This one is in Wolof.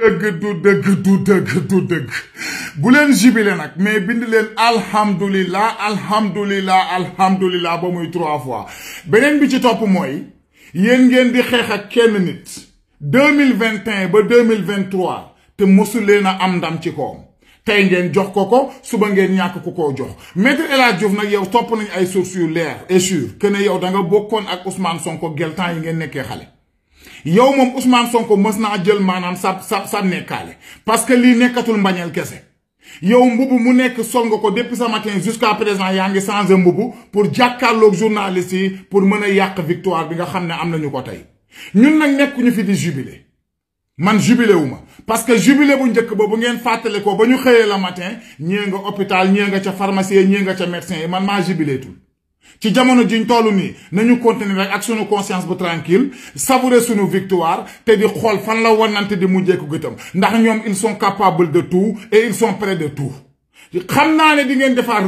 dëgg du dëgg du dëgg du dëgg bu jibile nag mais bind leen alhamdulillah alhamdulillah alhamdulillah ba muy trois fois beneen bi ci topp mooy yéen ngeen di xeex ak kenn nit 2021 ba 2023 te mosu leen a am ndam ci koom tey ngeen jox ko ko suba ngeen ñàkk ko koo jox maître El Hadj Diouf nag yow topp nañ ay sources yu leer et sûr que ne yow da nga bokkoon ak Ousmane Sonko gel temps yi ngeen nekkee xale yow moom Ousmane Sonko mës naa jël maanaam sa sa sa nekkaale parce que lii nekkatul mbañeel kese yow mbubu mu nekk sol nga ko depuis ce matin jusqu'à présent yaa ngi changé mbubu pour jàkkaarloog journaliste yi pour mën a yàq victoire bi nga xam ne am nañu ko tey ñun nag nekkuñu fi di jubile man jubilé wu ma parce que jubilé bu njëkk ba bu ngeen fàttale ko ba ñu xëyee la matin ñii nga hôpital ñii nga ca pharmacie ñii nga ca médecin yi man maa jubilé tul ci jamono juñ toll nii nañu continuer rek ak sunu conscience bu tranquille savourer sunu victoire té di xol fan la wanante di ko gëtam ndax ñom ils sont capables de tout et ils sont prêts de tout xam naa di ngeen defar